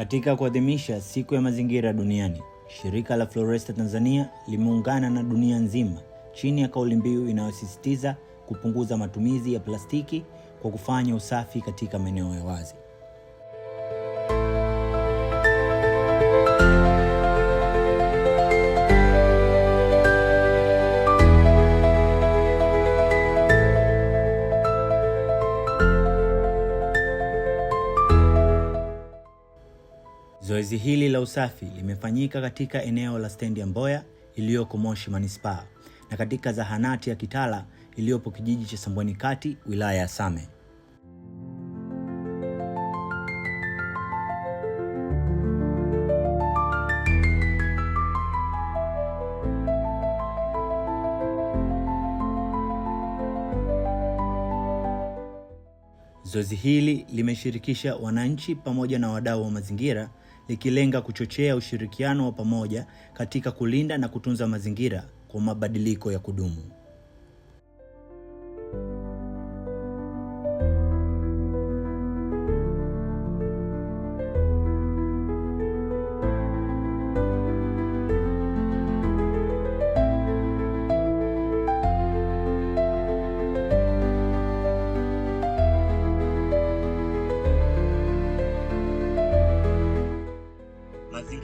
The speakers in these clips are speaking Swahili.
Katika kuadhimisha siku ya mazingira duniani, shirika la Floresta Tanzania limeungana na dunia nzima chini ya kauli mbiu inayosisitiza kupunguza matumizi ya plastiki kwa kufanya usafi katika maeneo ya wazi. Zoezi hili la usafi limefanyika katika eneo la stendi ya Mboya iliyoko Moshi Manispaa na katika zahanati ya Kitala iliyopo kijiji cha Sambweni Kati, wilaya ya Same. Zoezi hili limeshirikisha wananchi pamoja na wadau wa mazingira likilenga kuchochea ushirikiano wa pamoja katika kulinda na kutunza mazingira kwa mabadiliko ya kudumu.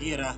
virá.